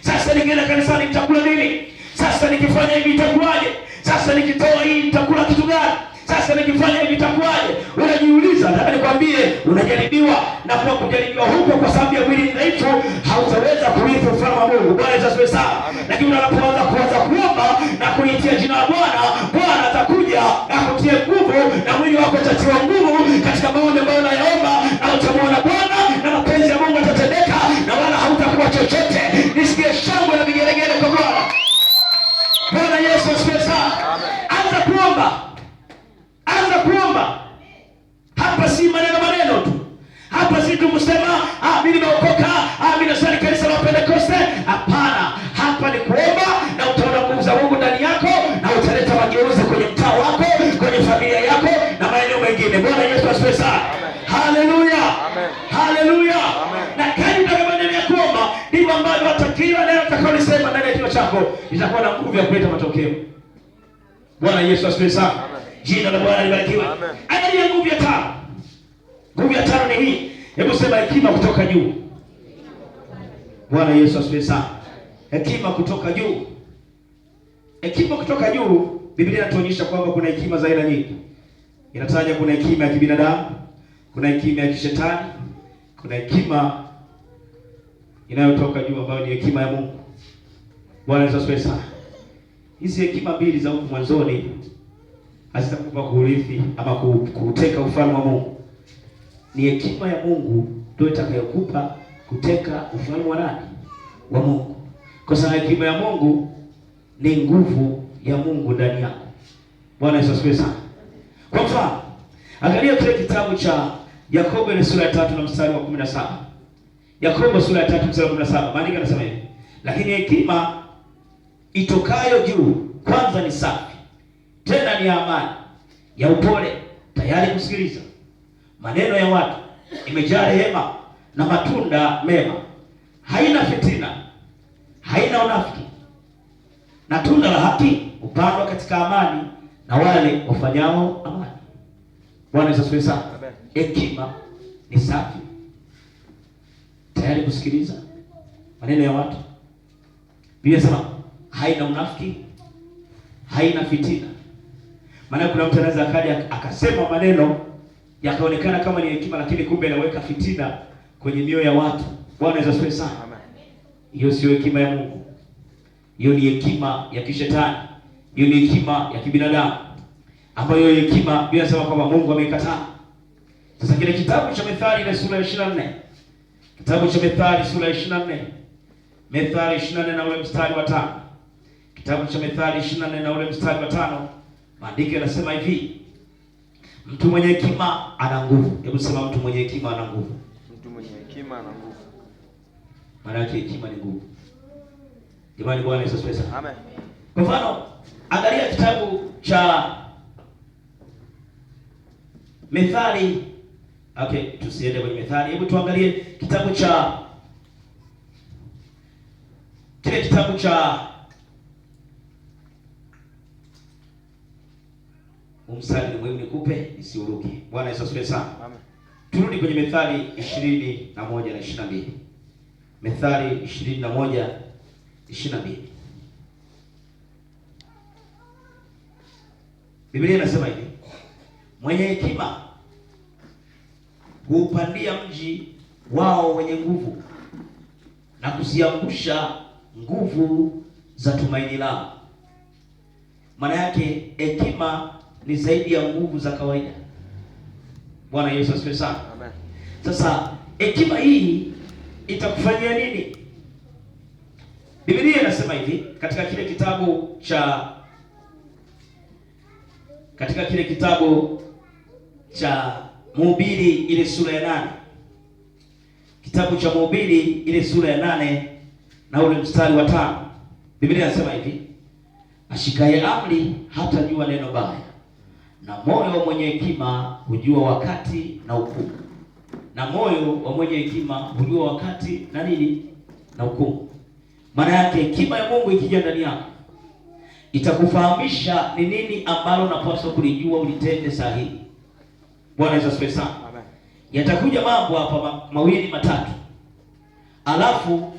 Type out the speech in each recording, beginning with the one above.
Sasa nikienda kanisani nitakula nini? Sasa nikifanya hivi itakuwaje? Sasa nikitoa hii nitakula kitu gani? Sasa nikifanya hivi itakuwaje? Unajiuliza. Nataka nikwambie, unajaribiwa na kwa kujaribiwa huko, kwa sababu ya mwili dhaifu, hautaweza kurithi ufalme wa Mungu. Bwana Yesu asifiwe sana. Lakini unapoanza kuanza kuomba na kuitia jina la Bwana, Bwana atakuja na kutia nguvu, na mwili wako utatiwa nguvu msalaba. Hapa si maneno maneno tu, hapa si tumusema ah, mimi nimeokoka, ah, mimi nasali kanisa la Pentekoste. Hapana, hapa ni kuomba, na utaona nguvu za Mungu ndani yako, na utaleta mageuzi kwenye mtaa wako, kwenye familia yako na maeneo mengine. Bwana Yesu asifiwe sana. Haleluya, haleluya. Na kadri utakavyoendelea kuomba, ndivyo ambavyo hata kila neno utakayolisema ndani ya kinywa chako itakuwa na nguvu ya kuleta matokeo. Bwana Yesu asifiwe sana. Jina la Bwana libarikiwe. Angalia nguvu ya tano. Nguvu ya tano ni hii. Hebu sema hekima kutoka juu. Bwana Yesu asifiwe sana. Hekima kutoka juu. Hekima kutoka juu, Biblia inatuonyesha kwamba kuna hekima za aina nyingi. Inataja kuna hekima ya kibinadamu, kuna hekima ya kishetani, kuna hekima inayotoka juu ambayo ni hekima ya Mungu. Bwana Yesu asifiwe sana. Hizi hekima mbili za huku mwanzoni asitakupa kuurithi ama kuteka ufalme wa Mungu. Ni hekima ya Mungu ndio itakayokupa kuteka ufalme wa nani? Wa Mungu, kwa sababu hekima ya Mungu ni nguvu ya Mungu ndani yako. Bwana Yesu asifiwe sana. Kwa mfano, angalia kile kitabu cha Yakobo ile sura ya 3 na mstari wa 17. Yakobo sura ya 3 mstari wa 17. Maandiko yanasema hivi. Lakini hekima itokayo juu kwanza ni safi ndani ya amani ya upole, tayari kusikiliza maneno ya watu, imejaa rehema na matunda mema, haina fitina, haina unafiki, na tunda la haki upandwa katika amani na wale wafanyao amani. Bwana Yesu asifiwe sana. Hekima ni safi, tayari kusikiliza maneno ya watu. Biblia inasema haina unafiki, haina fitina maana kuna mtu anaweza akaja akasema maneno yakaonekana kama ni hekima, lakini kumbe anaweka fitina kwenye mioyo ya watu. Bwana anaweza asifiwe sana. Hiyo sio hekima ya Mungu, hiyo ni hekima ya kishetani, hiyo ni hekima ya kibinadamu ambayo hiyo hekima Biblia inasema kwamba Mungu ameikataa. Sasa kile kitabu cha Methali ile sura ya 24, kitabu cha Methali sura ya 24, Methali 24 na ule mstari wa tano, kitabu cha Methali 24 na ule mstari wa tano Maandiko yanasema hivi, mtu mwenye hekima ana nguvu. Hebu sema, mtu mwenye hekima ana nguvu. Mtu mwenye hekima ana nguvu, maana yake hekima ni nguvu. Jamani, Bwana Yesu asifiwe Amen. Kwa mfano, angalia kitabu cha Methali. Okay, tusiende kwenye Methali. Hebu tuangalie kitabu cha kile kitabu cha umsali ni muhimu, nikupe nisiuruke. Bwana Yesu asifiwe sana. Turudi kwenye Methali ishirini na moja na ishirini Methali ishirini na moja ishirini Biblia inasema hivi, mwenye hekima huupandia mji wao wenye nguvu na kuziangusha nguvu za tumaini lao. Maana yake hekima ni zaidi ya nguvu za kawaida. Bwana Yesu asifiwe sana. Amen. Sasa hekima hii itakufanyia nini? Biblia inasema hivi katika kile kitabu cha katika kile kitabu cha Mhubiri ile sura ya nane kitabu cha Mhubiri ile sura ya nane na ule mstari wa tano Biblia inasema hivi, ashikaye amri hata jua neno baya na moyo wa mwenye hekima hujua wakati na hukumu, na moyo wa mwenye hekima hujua wakati na nini na hukumu. Maana yake hekima ya Mungu ikija ndani yako itakufahamisha ni nini ambalo unapaswa kulijua ulitende sahihi. Bwana Yesu asifiwe sana. Yatakuja mambo hapa mawili matatu, alafu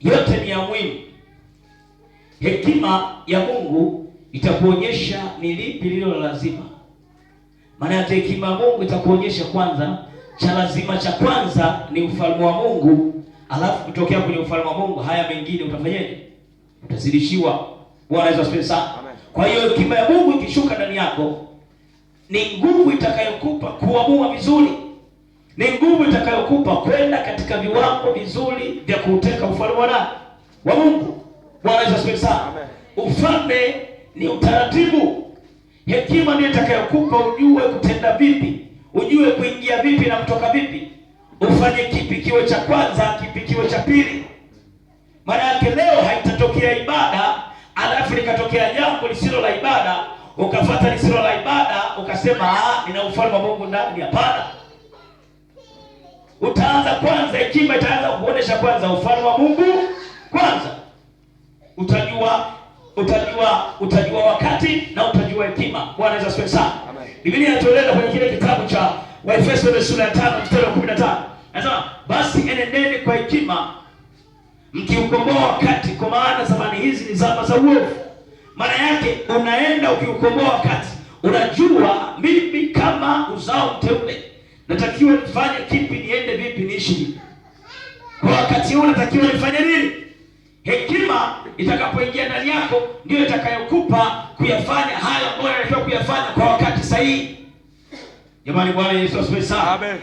yote ni ya muhimu. Hekima ya Mungu itakuonyesha ni lipi lilo lazima. Maana hata hekima ya Mungu itakuonyesha kwanza, cha lazima cha kwanza ni ufalme wa Mungu, alafu kutokea kwenye ufalme wa Mungu haya mengine utafanyaje? Utazidishiwa. Bwana Yesu asifiwe sana. Kwa hiyo hekima ya Mungu ikishuka ndani yako ni nguvu itakayokupa kuamua vizuri, ni nguvu itakayokupa kwenda katika viwango vizuri vya kuuteka ufalme wa Mungu. Bwana Yesu asifiwe sana. Ufalme ni utaratibu. Hekima ndiyo itakayokupa ujue kutenda vipi, ujue kuingia vipi na kutoka vipi, ufanye kipi kiwe cha kwanza, kipi kiwe cha pili. Maana yake leo haitatokea ibada alafu likatokea jambo lisilo la ibada, ukafata lisilo la ibada, ukasema ah, nina ufalme wa Mungu ndani. Hapana, utaanza kwanza, hekima itaanza kuonesha kwanza ufalme wa Mungu kwanza, utajua utajua utajua wakati na utajua hekima. Bwana Yesu asifiwe sana. Biblia inatueleza kwenye kile kitabu cha Waefeso sura ya 5 mstari wa 15. Anasema basi enendeni kwa hekima mkiukomboa wakati, kwa maana zamani hizi ni zama za uovu. Maana yake unaenda ukiukomboa wakati, unajua mimi kama uzao mteule natakiwa nifanye kipi, niende vipi, niishi kwa wakati huu, natakiwa nifanye nini? Hekima itakapoingia ndani yako ndiyo itakayokupa kuyafanya hayo ambayo unatakiwa kuyafanya kwa wakati sahihi. Jamani, Bwana Yesu asifiwe sana. Amen.